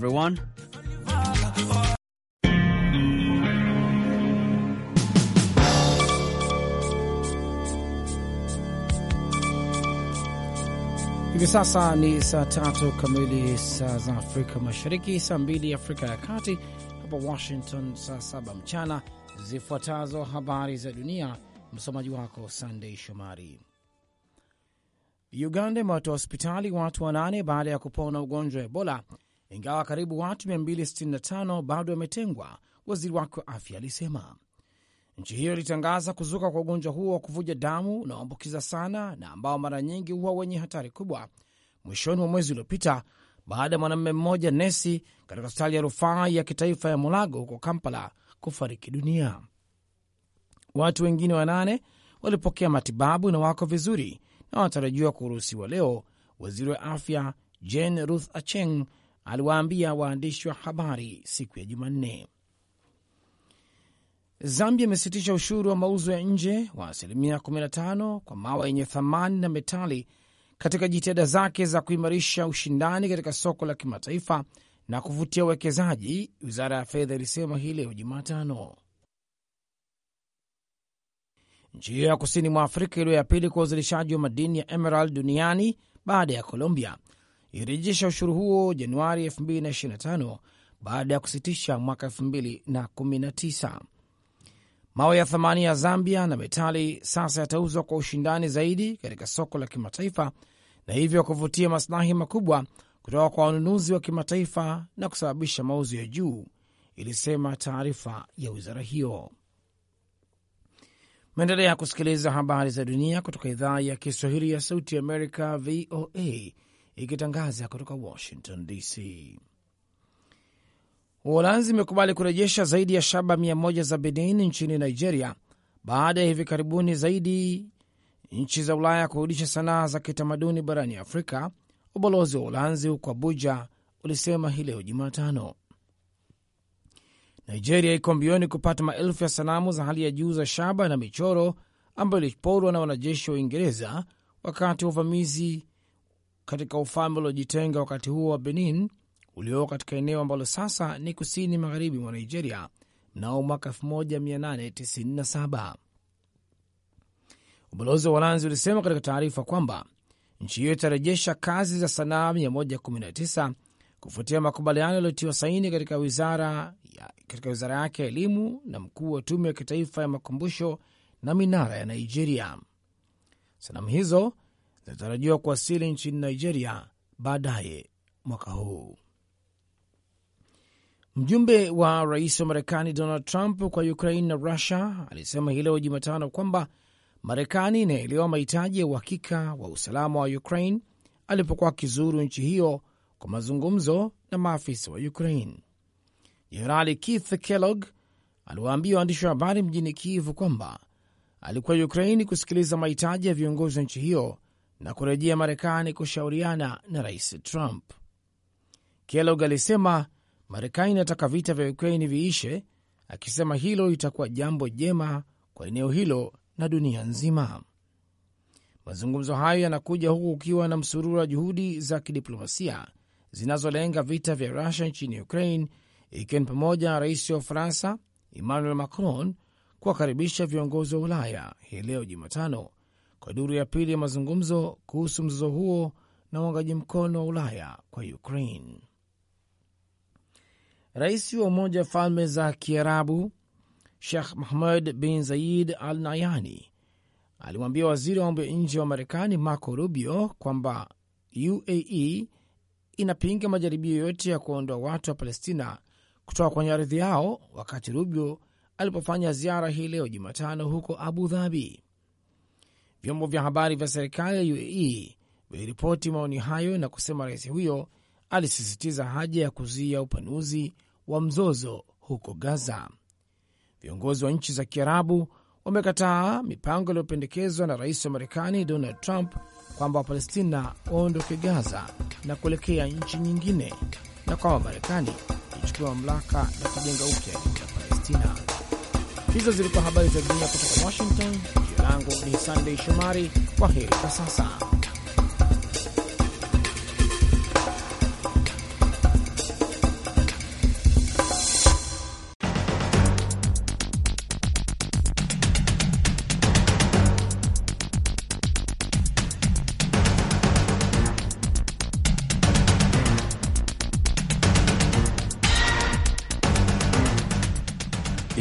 everyone. Hivi sasa ni saa tatu kamili saa za Afrika Mashariki, saa mbili Afrika ya Kati, hapa Washington saa saba mchana. Zifuatazo habari za dunia, msomaji wako Sandei Shomari. Uganda imewatoa hospitali watu wanane baada ya kupona ugonjwa wa Ebola ingawa karibu watu 265 bado wametengwa, waziri wake wa afya alisema. Nchi hiyo ilitangaza kuzuka kwa ugonjwa huo wa kuvuja damu unaoambukiza sana na ambao mara nyingi huwa wenye hatari kubwa mwishoni mwa mwezi uliopita baada ya mwanamume mmoja nesi katika hospitali ya rufaa ya kitaifa ya Mulago huko Kampala kufariki dunia. Watu wengine wanane walipokea matibabu na wako vizuri na wanatarajiwa kuruhusiwa leo, waziri wa afya Jane Ruth Acheng aliwaambia waandishi wa habari siku ya Jumanne. Zambia imesitisha ushuru wa mauzo ya nje wa asilimia 15 kwa mawe yenye thamani na metali katika jitihada zake za kuimarisha ushindani katika soko la kimataifa na kuvutia uwekezaji, wizara ya fedha ilisema hii leo Jumatano. Nchi hiyo ya kusini mwa Afrika iliyo ya pili kwa uzalishaji wa madini ya emerald duniani baada ya Colombia ilirejesha ushuru huo Januari 2025 baada ya kusitisha mwaka 2019. Mawe ya thamani ya Zambia na metali sasa yatauzwa kwa ushindani zaidi katika soko la kimataifa na hivyo kuvutia masilahi makubwa kutoka kwa wanunuzi wa kimataifa na kusababisha mauzo ya juu, ilisema taarifa ya wizara hiyo. Meendelea kusikiliza habari za dunia kutoka idhaa ya Kiswahili ya Sauti Amerika, VOA, ikitangaza kutoka Washington DC. Uholanzi imekubali kurejesha zaidi ya shaba mia moja za Benin nchini Nigeria baada ya hivi karibuni zaidi nchi za Ulaya kurudisha sanaa za kitamaduni barani Afrika. Ubalozi wa Uholanzi huko Abuja ulisema hii leo Jumatano. Nigeria iko mbioni kupata maelfu ya sanamu za hali ya juu za shaba na michoro ambayo iliporwa na wanajeshi wa Uingereza wakati wa uvamizi katika ufalme uliojitenga wakati huo wa Benin ulioko katika eneo ambalo sasa ni kusini magharibi mwa Nigeria mnao mwaka 1897. Ubalozi wa Uholanzi ulisema katika taarifa kwamba nchi hiyo itarejesha kazi za sanaa 119 kufuatia makubaliano yaliyotiwa saini katika wizara, ya, katika wizara yake ya elimu na mkuu wa tume ya kitaifa ya makumbusho na minara ya Nigeria. Sanamu hizo zinatarajiwa kuwasili nchini Nigeria baadaye mwaka huu. Mjumbe wa rais wa Marekani Donald Trump kwa Ukraine na Russia alisema hii leo Jumatano kwamba Marekani inaelewa mahitaji ya uhakika wa usalama wa Ukraine alipokuwa akizuru nchi hiyo kwa mazungumzo na maafisa wa Ukraine. Jenerali Keith Kellogg aliwaambia waandishi wa habari mjini Kiev kwamba alikuwa Ukraine kusikiliza mahitaji ya viongozi wa nchi hiyo na kurejea Marekani kushauriana na Rais Trump. Kellogg alisema Marekani inataka vita vya Ukraini viishe, akisema hilo litakuwa jambo jema kwa eneo hilo na dunia nzima. Mazungumzo hayo yanakuja huku ukiwa na msururu wa juhudi za kidiplomasia zinazolenga vita vya Rusia nchini Ukraine, ikiwa ni pamoja na rais wa Ufaransa Emmanuel Macron kuwakaribisha viongozi wa Ulaya hii leo Jumatano kwa duru ya pili ya mazungumzo kuhusu mzozo huo na uungaji mkono wa Ulaya kwa Ukraine. Rais wa Umoja wa Falme za Kiarabu Sheikh Mohammed bin Zayid Al Nayani alimwambia waziri wa mambo ya nje wa Marekani Marco Rubio kwamba UAE inapinga majaribio yote ya kuondoa watu wa Palestina kutoka kwenye ardhi yao, wakati Rubio alipofanya ziara hii leo Jumatano huko Abu Dhabi. Vyombo vya habari vya serikali ya UAE viliripoti maoni hayo na kusema rais huyo alisisitiza haja ya kuzuia upanuzi wa mzozo huko Gaza. Viongozi wa nchi za Kiarabu wamekataa mipango iliyopendekezwa na rais wa Marekani Donald Trump kwamba Wapalestina waondoke Gaza na kuelekea nchi nyingine na kwamba Marekani ichukua mamlaka na kujenga upya ya Palestina. Hizo zilikuwa habari za dunia kutoka Washington. Jina langu ni Sandey Shomari. Kwa heri kwa sasa.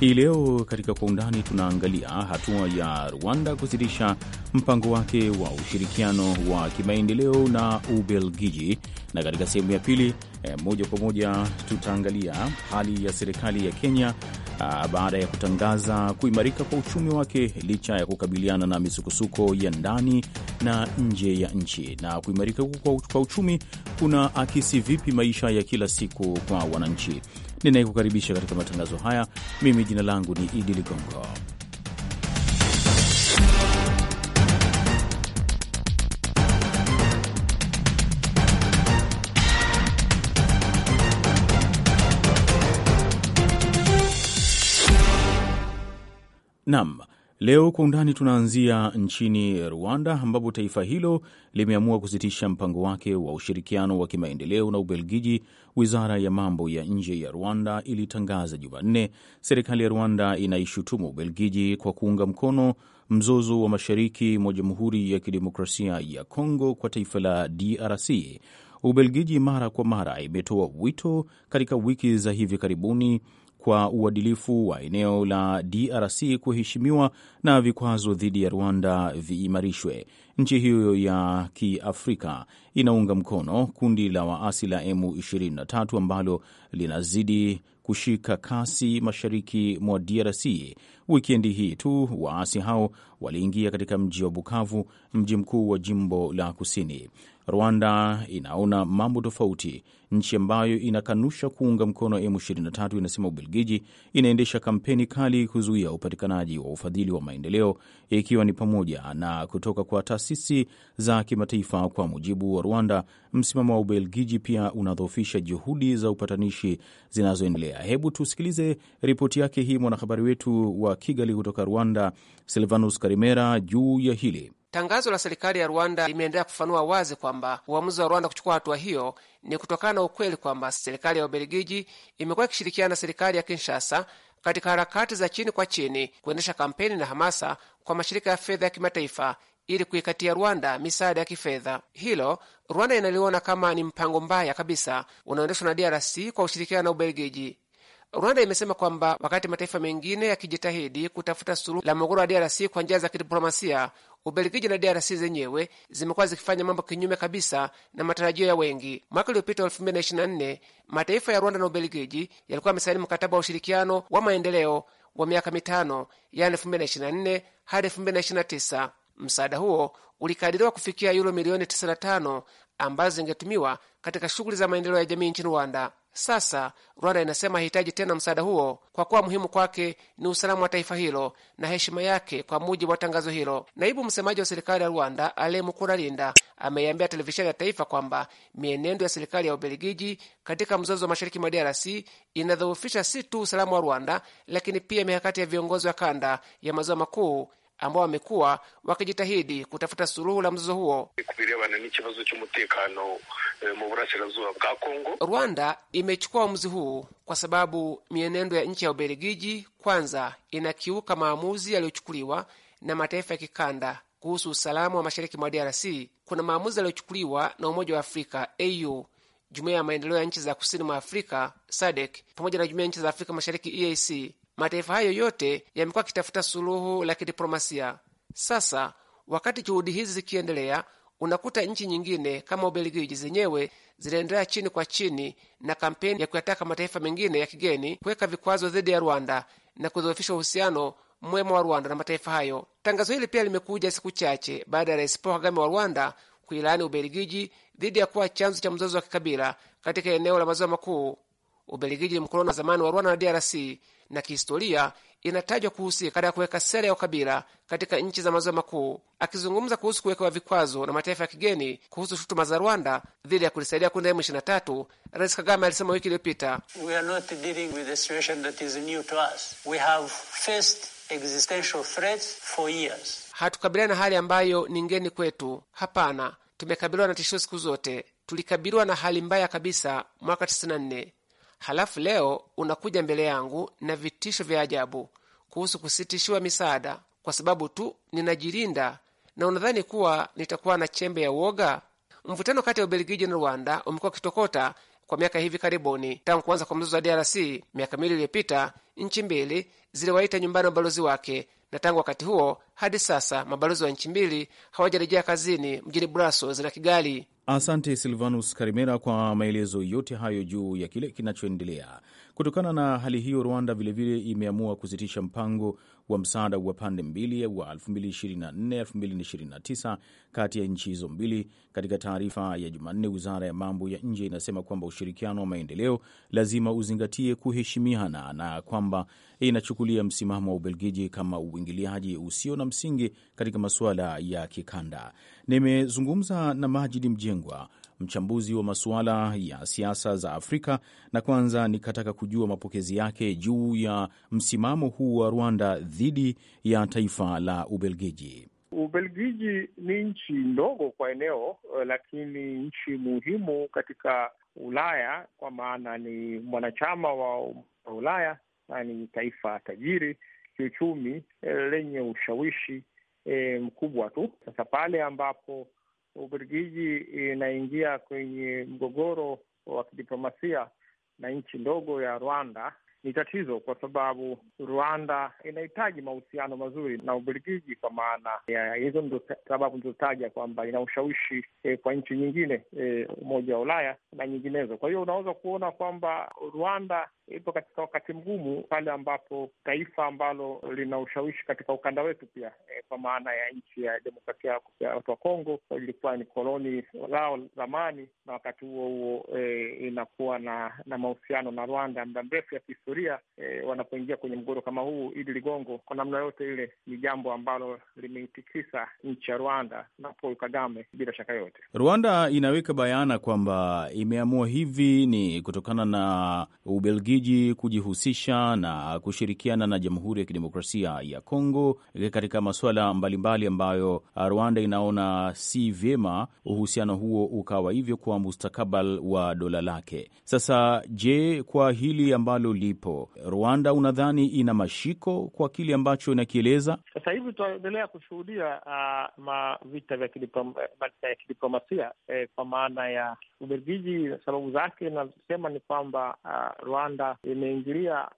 Hii leo katika Kwa Undani tunaangalia hatua ya Rwanda kusitisha mpango wake wa ushirikiano wa kimaendeleo na Ubelgiji, na katika sehemu ya pili eh, moja kwa moja tutaangalia hali ya serikali ya Kenya ah, baada ya kutangaza kuimarika kwa uchumi wake licha ya kukabiliana na misukosuko ya ndani na nje ya nchi, na kuimarika kwa uchumi kuna akisi vipi maisha ya kila siku kwa wananchi ninayekukaribisha katika matangazo haya. Mimi jina langu ni Idi Ligongo nam Leo kwa undani tunaanzia nchini Rwanda ambapo taifa hilo limeamua kusitisha mpango wake wa ushirikiano wa kimaendeleo na Ubelgiji. Wizara ya mambo ya nje ya Rwanda ilitangaza Jumanne serikali ya Rwanda inaishutumu Ubelgiji kwa kuunga mkono mzozo wa mashariki mwa Jamhuri ya Kidemokrasia ya Kongo kwa taifa la DRC. Ubelgiji mara kwa mara imetoa wito katika wiki za hivi karibuni kwa uadilifu wa eneo la DRC kuheshimiwa na vikwazo dhidi ya Rwanda viimarishwe. Nchi hiyo ya Kiafrika inaunga mkono kundi la waasi la M23 ambalo linazidi kushika kasi mashariki mwa DRC. Wikendi hii tu waasi hao waliingia katika mji wa Bukavu, mji mkuu wa jimbo la kusini. Rwanda inaona mambo tofauti. Nchi ambayo inakanusha kuunga mkono M23 inasema Ubelgiji inaendesha kampeni kali kuzuia upatikanaji wa ufadhili wa maendeleo, ikiwa ni pamoja na kutoka kwa taasisi za kimataifa. Kwa mujibu wa Rwanda, msimamo wa Ubelgiji pia unadhoofisha juhudi za upatanishi zinazoendelea. Hebu tusikilize ripoti yake hii mwanahabari wetu wa Kigali kutoka Rwanda, Silvanus Karimera, juu ya hili. Tangazo la serikali ya Rwanda limeendelea kufanua wazi kwamba uamuzi wa Rwanda kuchukua hatua hiyo ni kutokana na ukweli kwamba serikali ya Ubelgiji imekuwa ikishirikiana na serikali ya Kinshasa katika harakati za chini kwa chini kuendesha kampeni na hamasa kwa mashirika ya fedha ya kimataifa ili kuikatia Rwanda misaada ya kifedha. Hilo Rwanda inaliona kama ni mpango mbaya kabisa unaoendeshwa na DRC kwa ushirikiano na Ubelgiji. Rwanda imesema kwamba wakati mataifa mengine yakijitahidi kutafuta suluhu la mgogoro wa DRC kwa njia za kidiplomasia, Ubelgiji na DRC zenyewe zimekuwa zikifanya mambo kinyume kabisa na matarajio ya wengi. Mwaka uliopita 2024 mataifa ya Rwanda na Ubelgiji yalikuwa yamesaini mkataba wa ushirikiano wa maendeleo wa miaka mitano, yani 2024 hadi 2029. Msaada huo ulikadiriwa kufikia yuro milioni 95 ambazo zingetumiwa katika shughuli za maendeleo ya jamii nchini Rwanda. Sasa Rwanda inasema hahitaji tena msaada huo kwa kuwa muhimu kwake ni usalama wa taifa hilo na heshima yake, kwa mujibu wa tangazo hilo. Naibu msemaji wa serikali ya Rwanda Ale Mukuralinda ameiambia televisheni ya taifa kwamba mienendo ya serikali ya Ubelgiji katika mzozo wa mashariki mwa DRC inadhoofisha si tu usalama wa Rwanda, lakini pia mikakati ya viongozi wa kanda ya maziwa makuu ambao wamekuwa wakijitahidi kutafuta suluhu la mzozo huo. Eh, Rwanda imechukua uamuzi huu kwa sababu mienendo ya nchi ya Ubelgiji kwanza inakiuka maamuzi yaliyochukuliwa na mataifa ya kikanda kuhusu usalama wa mashariki mwa DRC. Kuna maamuzi yaliyochukuliwa na Umoja wa Afrika au Jumuiya ya Maendeleo ya Nchi za Kusini mwa Afrika SADC e pamoja na Jumuiya ya Nchi za Afrika Mashariki EAC mataifa hayo yote yamekuwa yakitafuta suluhu la kidiplomasia. Sasa wakati juhudi hizi zikiendelea, unakuta nchi nyingine kama Ubelgiji zenyewe zinaendelea chini kwa chini na kampeni ya kuyataka mataifa mengine ya kigeni kuweka vikwazo dhidi ya Rwanda na kudhoofisha uhusiano mwema wa Rwanda na mataifa hayo. Tangazo hili pia limekuja siku chache baada ya Rais Paul Kagame wa Rwanda kuilaani Ubelgiji dhidi ya kuwa chanzo cha mzozo wa kikabila katika eneo la maziwa makuu. Ubelgiji ni mkoloni wa zamani wa Rwanda na DRC na kihistoria inatajwa kuhusika katika kuweka sera ya ukabila katika nchi za maziwa makuu. Akizungumza kuhusu kuwekewa vikwazo na mataifa ya kigeni kuhusu shutuma za Rwanda dhidi ya kulisaidia kundi la M23, Rais Kagame alisema wiki iliyopita, hatukabiliana na hali ambayo ni ngeni kwetu. Hapana, tumekabiliwa na tishio siku zote. Tulikabiliwa na hali mbaya kabisa mwaka 94 halafu leo unakuja mbele yangu na vitisho vya ajabu kuhusu kusitishiwa misaada kwa sababu tu ninajirinda, na unadhani kuwa nitakuwa na chembe ya uoga? Mvutano kati ya Ubelgiji na Rwanda umekuwa kitokota kwa miaka hivi karibuni. Tangu kuanza kwa mzozo wa DRC miaka miwili iliyopita, nchi mbili ziliwaita nyumbani mabalozi wake, na tangu wakati huo hadi sasa mabalozi wa nchi mbili hawajarejea kazini mjini Brussels na Kigali. Asante Silvanus Karimera kwa maelezo yote hayo juu ya kile kinachoendelea. Kutokana na hali hiyo, Rwanda vilevile imeamua kusitisha mpango wa msaada wa pande mbili wa 2024-2029 kati ya nchi hizo mbili. Katika taarifa ya Jumanne, wizara ya mambo ya nje inasema kwamba ushirikiano wa maendeleo lazima uzingatie kuheshimiana na kwamba inachukulia msimamo wa Ubelgiji kama uingiliaji usio na msingi katika masuala ya kikanda. Nimezungumza na majidi Mjengwa, mchambuzi wa masuala ya siasa za Afrika, na kwanza nikataka kujua mapokezi yake juu ya msimamo huu wa Rwanda dhidi ya taifa la Ubelgiji. Ubelgiji ni nchi ndogo kwa eneo, eh, lakini nchi muhimu katika Ulaya kwa maana ni mwanachama wa Ulaya na ni taifa tajiri kiuchumi eh, lenye ushawishi e, mkubwa tu. Sasa pale ambapo Ubelgiji inaingia kwenye mgogoro wa kidiplomasia na nchi ndogo ya Rwanda ni tatizo, kwa sababu Rwanda inahitaji mahusiano mazuri na Ubelgiji, kwa maana hizo ndo sababu nilizotaja kwamba ina ushawishi eh, kwa nchi nyingine eh, Umoja wa Ulaya na nyinginezo. Kwa hiyo unaweza kuona kwamba Rwanda ipo katika wakati mgumu pale ambapo taifa ambalo lina ushawishi katika ukanda wetu pia eh, kwa maana ya nchi ya demokrasia ya watu wa Kongo ilikuwa ni koloni lao zamani, na wakati huo huo eh, inakuwa na na mahusiano na Rwanda ya muda mrefu ya kihistoria e, eh, wanapoingia kwenye mgogoro kama huu, Idi Ligongo, kwa namna yote ile ni jambo ambalo limeitikisa nchi ya Rwanda na Paul Kagame bila shaka yote. Rwanda inaweka bayana kwamba imeamua hivi ni kutokana na Ubelgiji kujihusisha na kushirikiana na Jamhuri ya Kidemokrasia ya Kongo katika masuala mbalimbali ambayo Rwanda inaona si vyema uhusiano huo ukawa hivyo kwa mustakabali wa dola lake. Sasa je, kwa hili ambalo li ipo, Rwanda unadhani ina mashiko kwa kile ambacho inakieleza sasa hivi? Tunaendelea kushuhudia uh, vita vya kidiplomasia kidiplomasia, eh, kwa maana ya Ubelgiji. Sababu zake inasema ni kwamba uh, Rwanda imeingilia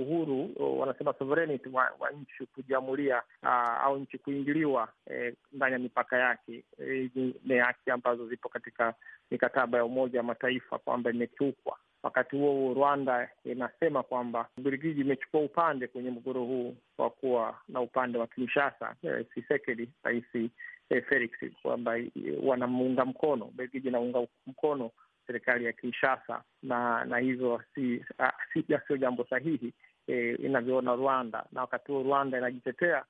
uhuru, wanasema sovereignty wa, wa nchi kujiamulia uh, au nchi kuingiliwa eh, ndani eh, ya mipaka yake. Hizi eh, ni haki ambazo zipo katika mikataba ya Umoja wa Mataifa kwamba imekiukwa Wakati huo huo, Rwanda inasema kwamba Ubelgiji imechukua upande kwenye mgogoro huu kwa kuwa na upande wa Kinshasa, eh, rais eh, Felix, kwamba eh, wanamuunga mkono Ubelgiji inaunga mkono serikali ya Kinshasa na na hivyo ah, si, sio jambo sahihi eh, inavyoona Rwanda, na wakati huo Rwanda inajitetea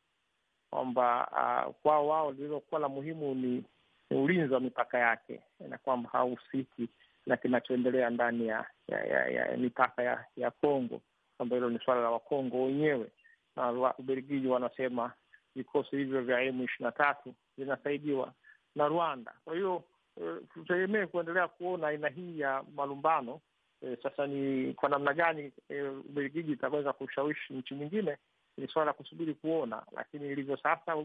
kwamba ah, kwao wao lililokuwa la muhimu ni ulinzi wa mipaka yake na kwamba hahusiki na kinachoendelea ndani ya ya, ya, ya mipaka ya ya Kongo, kwamba hilo ni suala la Wakongo wenyewe. Na Ubelgiji wanasema vikosi hivyo vya emu ishirini na tatu vinasaidiwa na Rwanda. Kwa hiyo eh, tutegemee kuendelea kuona aina hii ya malumbano. uh, sasa ni kwa namna gani uh, Ubelgiji itaweza kushawishi nchi nyingine ni suala la kusubiri kuona, lakini ilivyo sasa,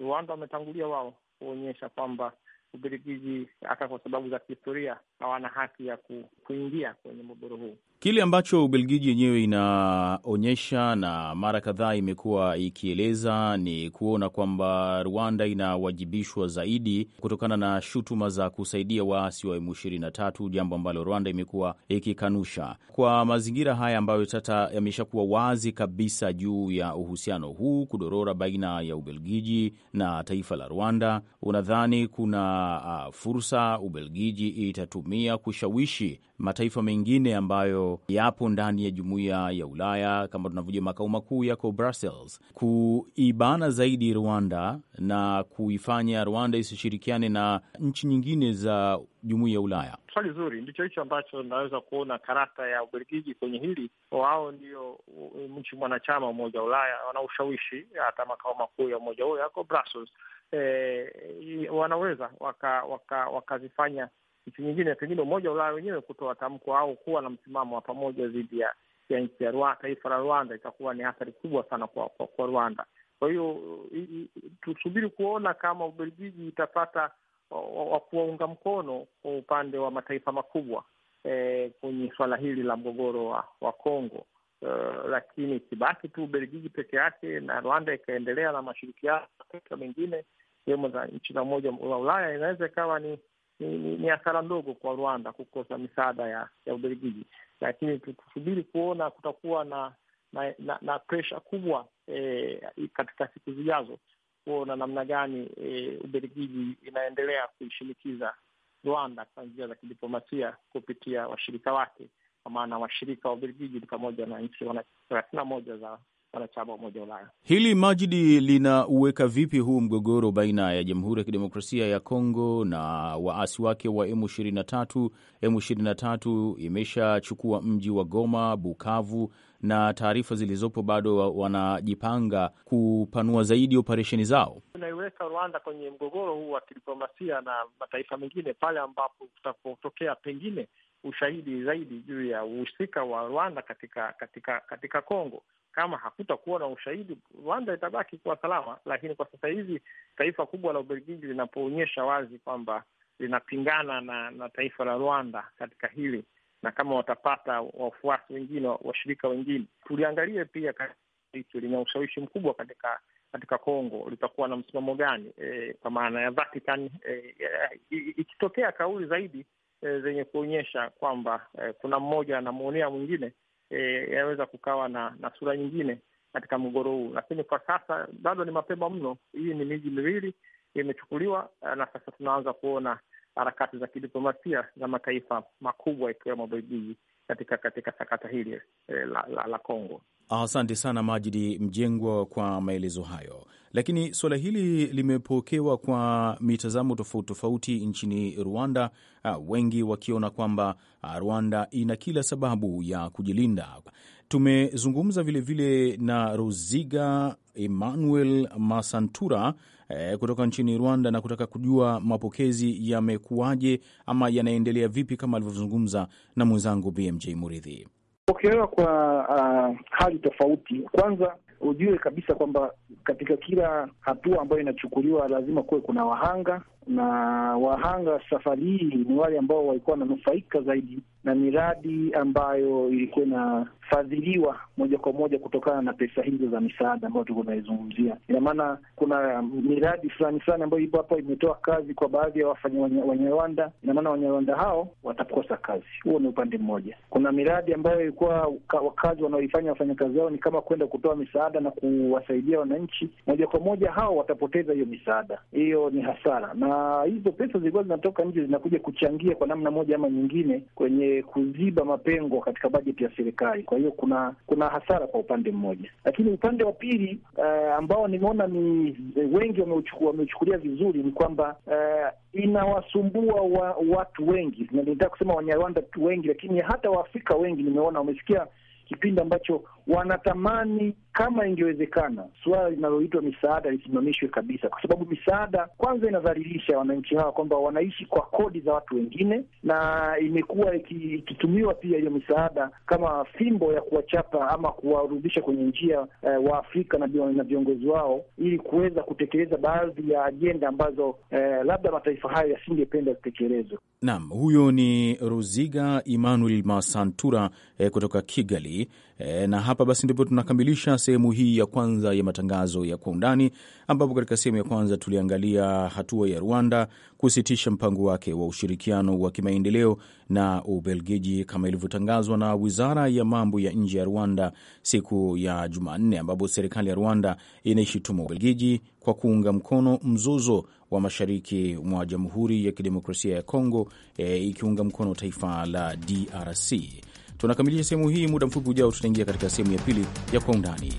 Rwanda wametangulia wao kuonyesha kwamba Ubelgiji hata kwa sababu za kihistoria hawana haki ya kuingia kwenye mgogoro huu. Kile ambacho Ubelgiji yenyewe inaonyesha na mara kadhaa imekuwa ikieleza ni kuona kwamba Rwanda inawajibishwa zaidi kutokana na shutuma za kusaidia waasi wa M23, jambo ambalo Rwanda imekuwa ikikanusha. Kwa mazingira haya ambayo sasa yameshakuwa wazi kabisa juu ya uhusiano huu kudorora baina ya Ubelgiji na taifa la Rwanda, unadhani kuna uh, fursa Ubelgiji itatumia kutumia kushawishi mataifa mengine ambayo yapo ndani ya jumuiya ya Ulaya, kama tunavyojua makao makuu yako Brussels, kuibana zaidi Rwanda na kuifanya Rwanda isishirikiane na nchi nyingine za jumuiya ya Ulaya. Swali zuri, ndicho hicho ambacho naweza kuona karata ya Ubelgiji kwenye hili. Wao ndio uh, nchi mwanachama wa Umoja wa Ulaya, wana ushawishi, hata makao makuu ya umoja huo yako Brussels. E, wanaweza wakazifanya waka, waka kitu nyingine, pengine umoja wa Ulaya wenyewe kutoa tamko au kuwa na msimamo wa pamoja dhidi ya ya nchi ya Rwanda, taifa la Rwanda itakuwa ni athari kubwa sana kwa, kwa, kwa Rwanda. Kwa hiyo tusubiri kuona kama Ubelgiji itapata wa kuwaunga mkono kwa upande wa mataifa makubwa e, kwenye swala hili la mgogoro wa, wa Kongo. Uh, lakini ikibaki tu Ubelgiji peke yake na Rwanda ikaendelea na mashirikiano mataifa mengine sehemu za nchi za Umoja wa Ulaya inaweza ikawa ni ni, ni, ni hasara ndogo kwa Rwanda kukosa misaada ya ya Ubelgiji, lakini tusubiri kuona kutakuwa na na, na, na presha kubwa eh, katika siku zijazo kuona namna gani eh, Ubelgiji inaendelea kuishinikiza Rwanda kwa njia za kidiplomasia kupitia washirika wake, kwa maana washirika wa Ubelgiji ni pamoja na nchi thelathini na moja za wanachama wa Umoja wa Ulaya. Hili Majidi, linauweka vipi huu mgogoro baina ya Jamhuri ya Kidemokrasia ya Kongo na waasi wake wa M23? M23 imeshachukua mji wa Goma, Bukavu, na taarifa zilizopo bado wanajipanga kupanua zaidi operesheni zao. inaiweka Rwanda kwenye mgogoro huu wa kidiplomasia na mataifa mengine pale ambapo kutapotokea pengine ushahidi zaidi juu ya uhusika wa Rwanda katika katika katika Kongo. Kama hakutakuwa na ushahidi, Rwanda itabaki kuwa salama. Lakini kwa sasa hivi taifa kubwa la Ubelgiji linapoonyesha wazi kwamba linapingana na, na taifa la Rwanda katika hili, na kama watapata wafuasi wengine, washirika wengine, tuliangalie pia hicho lina ushawishi mkubwa katika katika Kongo litakuwa na msimamo gani? E, kwa maana ya Vatican e, e, ikitokea kauli zaidi e, zenye kuonyesha kwamba e, kuna mmoja anamwonea mwingine e, yaweza kukawa na, na sura nyingine katika mgogoro huu, lakini kwa sasa bado ni mapema mno. Hii ni miji miwili imechukuliwa, e, na sasa tunaanza kuona harakati za kidiplomasia za mataifa makubwa ikiwemo Belgiji katika katika sakata hili e, la Kongo la, Asante sana Majidi Mjengwa kwa maelezo hayo. Lakini suala hili limepokewa kwa mitazamo tofauti tofauti nchini Rwanda, ah, wengi wakiona kwamba ah, Rwanda ina kila sababu ya kujilinda. Tumezungumza vilevile vile na Ruziga Emmanuel Masantura eh, kutoka nchini Rwanda na kutaka kujua mapokezi yamekuwaje ama yanaendelea vipi, kama alivyozungumza na mwenzangu BMJ Muridhi. Pokelewa kwa uh, hali tofauti. Kwanza ujue kabisa kwamba katika kila hatua ambayo inachukuliwa lazima kuwe kuna wahanga na wahanga safari hii ni wale ambao walikuwa wananufaika zaidi na miradi ambayo ilikuwa inafadhiliwa moja kwa moja kutokana na pesa hizo za misaada ambayo tulikuwa tunaizungumzia. Ina maana kuna miradi fulani fulani ambayo ipo hapa imetoa kazi kwa baadhi ya Wanyarwanda. Ina maana Wanyarwanda hao watakosa kazi, huo ni upande mmoja. Kuna miradi ambayo ilikuwa wakazi wanaoifanya wafanyakazi wao ni kama kwenda kutoa misaada na kuwasaidia wananchi moja kwa moja, hao watapoteza hiyo misaada, hiyo ni hasara na hizo pesa zilikuwa zinatoka nje zinakuja kuchangia kwa namna moja ama nyingine kwenye kuziba mapengo katika bajeti ya serikali. Kwa hiyo kuna kuna hasara kwa upande mmoja, lakini upande wa pili uh, ambao nimeona ni wengi wameuchukulia vizuri ni kwamba uh, inawasumbua wa, watu wengi, nataka kusema Wanyarwanda tu wengi, lakini hata Waafrika wengi nimeona wamesikia kipindi ambacho wanatamani kama ingewezekana suala linaloitwa misaada lisimamishwe kabisa, kwa sababu misaada kwanza inadhalilisha wananchi hawa kwamba wanaishi kwa kodi za watu wengine, na imekuwa ikitumiwa pia hiyo misaada kama fimbo ya kuwachapa ama kuwarudisha kwenye njia eh, afrika na viongozi wao ili kuweza kutekeleza baadhi ya ajenda ambazo eh, labda mataifa hayo yasingependa zitekelezwe. Naam, huyo ni Ruziga Emmanuel Masantura eh, kutoka Kigali eh, na hapa hapa basi ndipo tunakamilisha sehemu hii ya kwanza ya matangazo ya kwa undani, ambapo katika sehemu ya kwanza tuliangalia hatua ya Rwanda kusitisha mpango wake wa ushirikiano wa kimaendeleo na Ubelgiji kama ilivyotangazwa na wizara ya mambo ya nje ya Rwanda siku ya Jumanne, ambapo serikali ya Rwanda inaishituma Ubelgiji kwa kuunga mkono mzozo wa mashariki mwa Jamhuri ya Kidemokrasia ya Kongo, e, ikiunga mkono taifa la DRC. Tunakamilisha sehemu hii. Muda mfupi ujao, tutaingia katika sehemu ya pili ya Kwa Undani.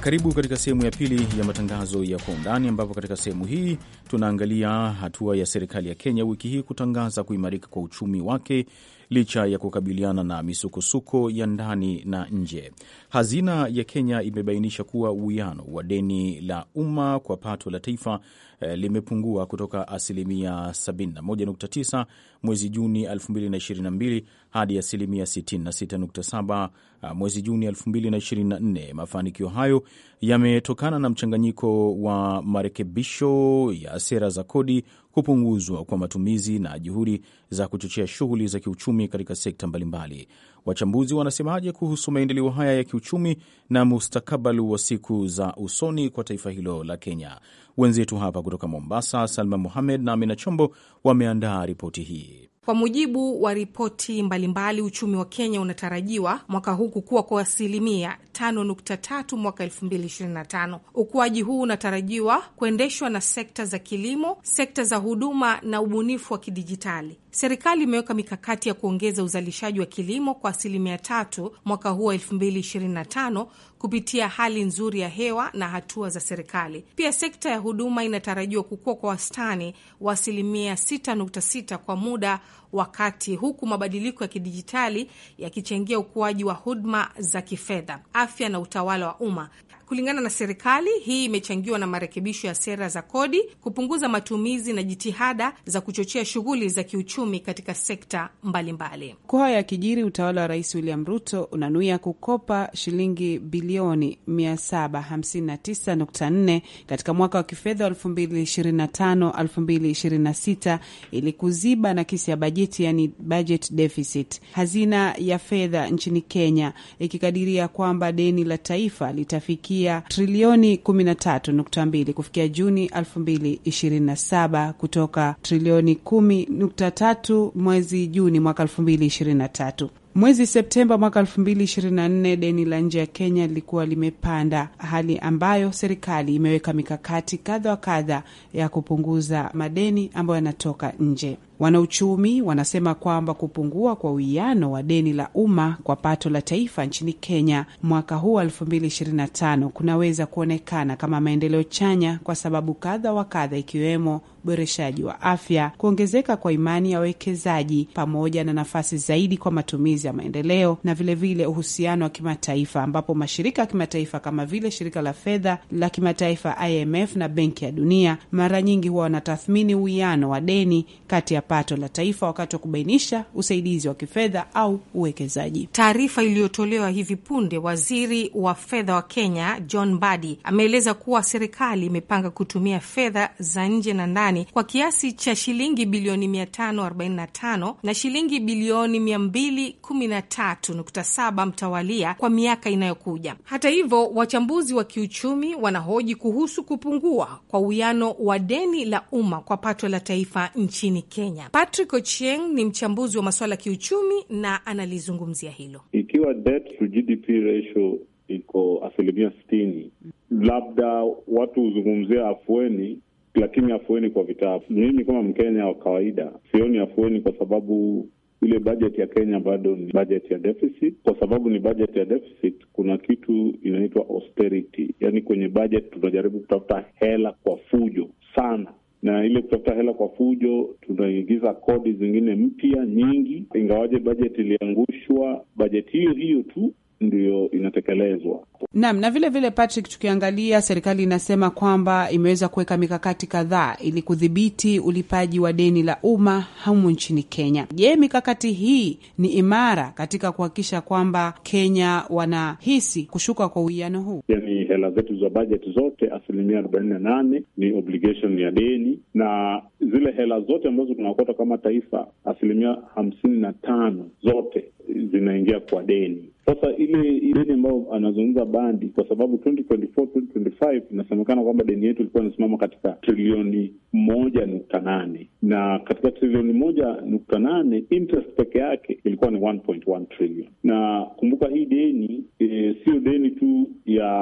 Karibu katika sehemu ya pili ya matangazo ya kwa undani, ambapo katika sehemu hii tunaangalia hatua ya serikali ya Kenya wiki hii kutangaza kuimarika kwa uchumi wake licha ya kukabiliana na misukosuko ya ndani na nje. Hazina ya Kenya imebainisha kuwa uwiano wa deni la umma kwa pato la taifa Eh, limepungua kutoka asilimia 71.9 mwezi Juni 2022 hadi asilimia 66.7 eh, mwezi Juni 2024. Mafanikio hayo yametokana na mchanganyiko wa marekebisho ya sera za kodi, kupunguzwa kwa matumizi na juhudi za kuchochea shughuli za kiuchumi katika sekta mbalimbali. Wachambuzi wanasemaje kuhusu maendeleo haya ya kiuchumi na mustakabali wa siku za usoni kwa taifa hilo la Kenya? Wenzetu hapa kutoka Mombasa, Salma muhamed na Amina Chombo wameandaa ripoti hii. Kwa mujibu wa ripoti mbalimbali, uchumi wa Kenya unatarajiwa mwaka huu kukua kwa asilimia 5.3 mwaka 2025. Ukuaji huu unatarajiwa kuendeshwa na sekta za kilimo, sekta za huduma na ubunifu wa kidijitali. Serikali imeweka mikakati ya kuongeza uzalishaji wa kilimo kwa asilimia tatu mwaka huu wa 2025 kupitia hali nzuri ya hewa na hatua za serikali. Pia sekta ya huduma inatarajiwa kukua kwa wastani wa asilimia 6.6 kwa muda wakati, huku mabadiliko ya kidijitali yakichangia ukuaji wa huduma za kifedha, afya na utawala wa umma. Kulingana na serikali, hii imechangiwa na marekebisho ya sera za kodi, kupunguza matumizi na jitihada za kuchochea shughuli za kiuchumi katika sekta mbalimbali. Kwa haya yakijiri, utawala wa Rais William Ruto unanuia kukopa shilingi bilioni 759.4 katika mwaka wa kifedha 2025/2026 ili kuziba nakisi ya bajeti, yani budget deficit. Hazina ya fedha nchini Kenya ikikadiria kwamba deni la taifa litafikia kufikia trilioni 13.2 kufikia Juni 2027 kutoka trilioni 10.3 mwezi Juni mwaka 2023. Mwezi Septemba mwaka 2024 deni la nje ya Kenya lilikuwa limepanda, hali ambayo serikali imeweka mikakati kadha wa kadha ya kupunguza madeni ambayo yanatoka nje. Wanauchumi wanasema kwamba kupungua kwa uwiano wa deni la umma kwa pato la taifa nchini Kenya mwaka huu 2025 kunaweza kuonekana kama maendeleo chanya kwa sababu kadha wa kadha, ikiwemo uboreshaji wa afya, kuongezeka kwa imani ya wawekezaji, pamoja na nafasi zaidi kwa matumizi ya maendeleo na vilevile vile uhusiano wa kimataifa, ambapo mashirika ya kimataifa kama vile shirika la fedha la kimataifa IMF na Benki ya Dunia mara nyingi huwa wanatathmini uwiano wa deni kati ya pato la taifa wakati wa kubainisha usaidizi wa kifedha au uwekezaji. Taarifa iliyotolewa hivi punde, waziri wa fedha wa Kenya John Badi ameeleza kuwa serikali imepanga kutumia fedha za nje na ndani kwa kiasi cha shilingi bilioni 545 na shilingi bilioni 213.7 mtawalia kwa miaka inayokuja. Hata hivyo, wachambuzi wa kiuchumi wanahoji kuhusu kupungua kwa uwiano wa deni la umma kwa pato la taifa nchini Kenya. Kenya. Patrick Ochieng ni mchambuzi wa masuala ya kiuchumi na analizungumzia hilo. Ikiwa debt to GDP ratio iko asilimia sitini, labda watu huzungumzia afueni lakini afueni kwa vitabu, mimi kama Mkenya wa kawaida sioni afueni, kwa sababu ile bajeti ya Kenya bado ni bajeti ya deficit. Kwa sababu ni bajeti ya deficit, kuna kitu inaitwa austerity, yaani kwenye bajeti tunajaribu kutafuta hela kwa fujo sana na ile kutafuta hela kwa fujo, tunaingiza kodi zingine mpya nyingi, ingawaje bajeti iliangushwa. Bajeti hiyo hiyo tu ndiyo inatekelezwa. Naam, na vile vile, Patrick, tukiangalia serikali inasema kwamba imeweza kuweka mikakati kadhaa ili kudhibiti ulipaji wa deni la umma humu nchini Kenya. Je, mikakati hii ni imara katika kuhakikisha kwamba Kenya wanahisi kushuka kwa uwiano huu? Yani hela zetu za bajeti zote asilimia arobaini na nane ni obligation ya deni, na zile hela zote ambazo tunaokota kama taifa asilimia hamsini na tano zote zinaingia kwa deni. Sasa ile deni ambayo anazungumza Bandi, kwa sababu 2024 2025 inasemekana kwamba deni yetu ilikuwa inasimama katika trilioni moja nukta nane na katika trilioni moja nukta nane interest peke yake ilikuwa ni 1.1 trillion. Na kumbuka hii deni e, siyo deni tu ya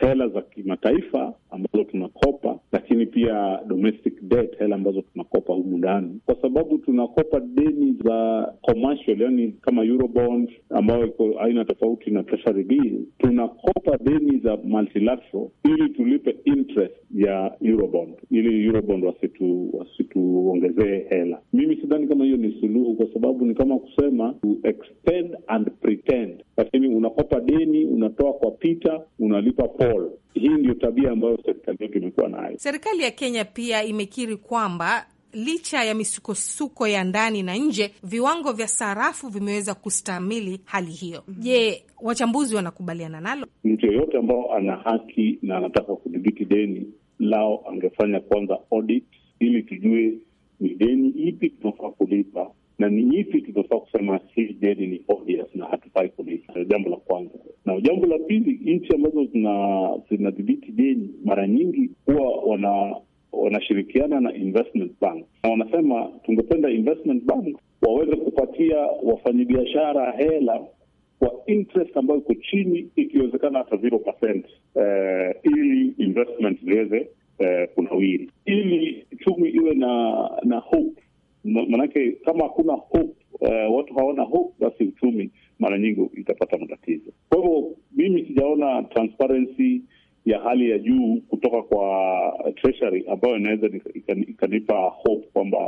hela za kimataifa ambazo tunakopa, lakini pia domestic debt, hela ambazo tunakopa humu ndani, kwa sababu tunakopa deni za commercial, yani kama eurobond ambayo iko aina tofauti na treasury tunakopa deni za multilateral ili tulipe interest ya eurobond ili eurobond wasitu wasituongezee hela. Mimi sidhani kama hiyo ni suluhu, kwa sababu ni kama kusema to extend and pretend, lakini unakopa deni, unatoa kwa Peter, unalipa Paul. Hii ndio tabia ambayo serikali yetu imekuwa nayo. Serikali ya Kenya pia imekiri kwamba licha ya misukosuko ya ndani na nje, viwango vya sarafu vimeweza kustamili hali hiyo. Mhm. Je, wachambuzi wanakubaliana nalo? Mtu yoyote ambao ana haki na anataka kudhibiti deni lao angefanya kwanza audit ili tujue ni deni ipi tunafaa kulipa na ni ipi tunafaa kusema hii deni ni obvious na hatufai kulipa. Jambo la kwanza, na jambo la pili, nchi ambazo zinadhibiti deni mara nyingi huwa wana wanashirikiana na investment bank na wanasema tungependa investment bank waweze kupatia wafanyabiashara hela kwa interest ambayo iko chini, ikiwezekana hata zero percent, eh, ili investment ziweze eh, kunawiri, ili chumi iwe na na hope. Manake kama hakuna hope eh, watu hawana hope, basi uchumi mara nyingi itapata matatizo. Kwa hivyo mimi sijaona transparency ya hali ya juu kutoka kwa Treasury ambayo inaweza ikanipa hope kwamba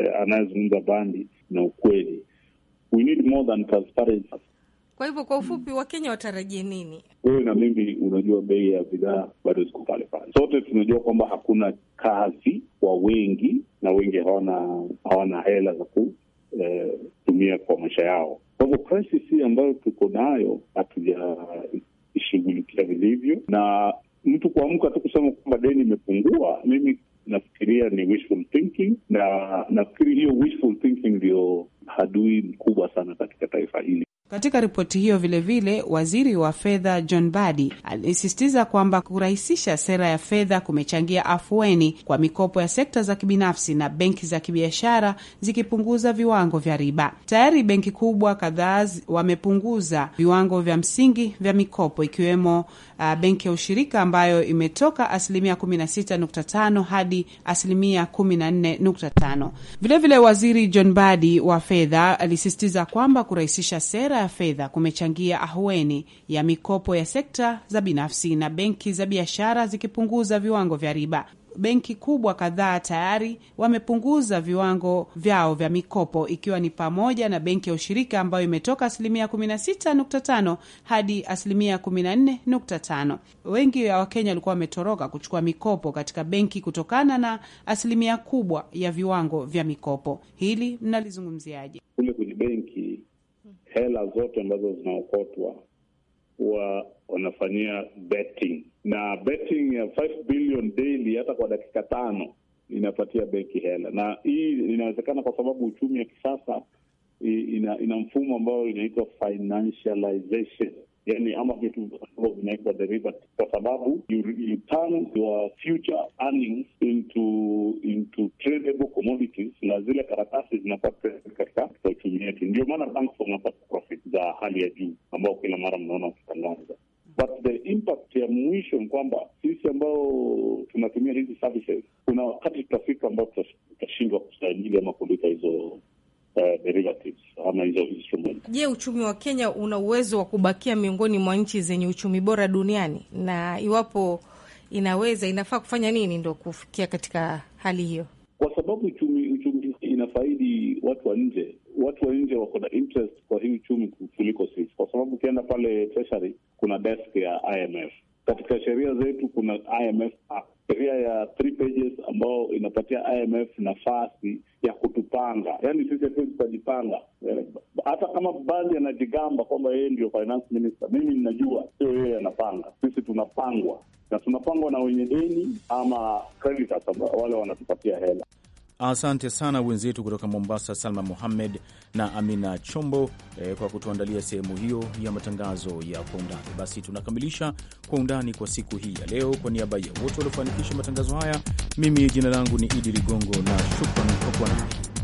eh, anayezungumza Bandi na ukweli. We need more than transparency. Kwa hivyo kwa ufupi, Wakenya watarajie nini? Wewe na mimi, unajua bei ya bidhaa bado ziko pale pale. Sote tunajua kwamba hakuna kazi kwa wengi, na wengi hawana hawana hela za kutumia eh, kwa maisha yao. Kwa hivyo crisis hii ambayo tuko nayo hatujaishughulikia vilivyo, na mtu kuamka tu kusema kwamba deni imepungua, mimi nafikiria ni wishful thinking, na nafikiri hiyo wishful thinking ndio hadui mkubwa sana katika taifa hili. Katika ripoti hiyo vilevile vile, waziri wa fedha John Badi alisisitiza kwamba kurahisisha sera ya fedha kumechangia afueni kwa mikopo ya sekta za kibinafsi na benki za kibiashara zikipunguza viwango vya riba. Tayari benki kubwa kadhaa wamepunguza viwango vya msingi vya mikopo ikiwemo uh, benki ya ushirika ambayo imetoka asilimia 16.5 hadi asilimia 14.5. Vilevile waziri John Badi wa fedha alisisitiza kwamba kurahisisha sera Wizara ya Fedha kumechangia ahueni ya mikopo ya sekta za binafsi na benki za biashara zikipunguza viwango vya riba. Benki kubwa kadhaa tayari wamepunguza viwango vyao vya mikopo ikiwa ni pamoja na benki ya ushirika ambayo imetoka asilimia 16.5 hadi asilimia 14.5. Wengi ya Wakenya walikuwa wametoroka kuchukua mikopo katika benki kutokana na asilimia kubwa ya viwango vya mikopo. Hili mnalizungumziaje? Kule kwenye benki hela zote ambazo zinaokotwa huwa wanafanyia betting na betting ya 5 billion daily, hata kwa dakika tano inapatia benki hela, na hii inawezekana kwa sababu uchumi ya kisasa ina, ina mfumo ambao inaitwa financialization yani ama vitu ambavyo vinaitwa kwa sababu you, you turn your future earnings into into tradable commodities, na zile karatasi zinakuwa katika uchumi yetu. Ndio maana banks wanapata profit za hali ya juu ambao kila mara mnaona wakitangaza but the impact ya mwisho ni kwamba sisi ambao tunatumia hizi services, kuna wakati tutafika ambao tutashindwa kustahimili ama kulipa hizo uh, derivatives ama hizo instruments. Je, uchumi wa Kenya una uwezo wa kubakia miongoni mwa nchi zenye uchumi bora duniani? Na iwapo inaweza, inafaa kufanya nini ndo kufikia katika hali hiyo? Kwa sababu uchumi uchumi inafaidi watu wa nje, watu wa nje wako na interest kwa hii uchumi kuliko sisi, kwa sababu ukienda pale treasury kuna desk ya IMF katika sheria zetu kuna IMF ah, sheria ya three pages ambayo inapatia IMF nafasi ya kutupanga, yaani sisi hatuwezi tukajipanga. Eh, hata kama baadhi anajigamba kwamba yeye ndio finance minister, mimi ninajua sio yeye anapanga, sisi tunapangwa na tunapangwa na wenye deni ama creditors wale wanatupatia hela. Asante sana wenzetu kutoka Mombasa, Salma Muhammed na Amina Chombo eh, kwa kutuandalia sehemu hiyo ya matangazo ya Kwa Undani. Basi tunakamilisha Kwa Undani kwa siku hii ya leo. Kwa niaba ya wote waliofanikisha matangazo haya, mimi jina langu ni Idi Ligongo na shukran kwa kuwa nami.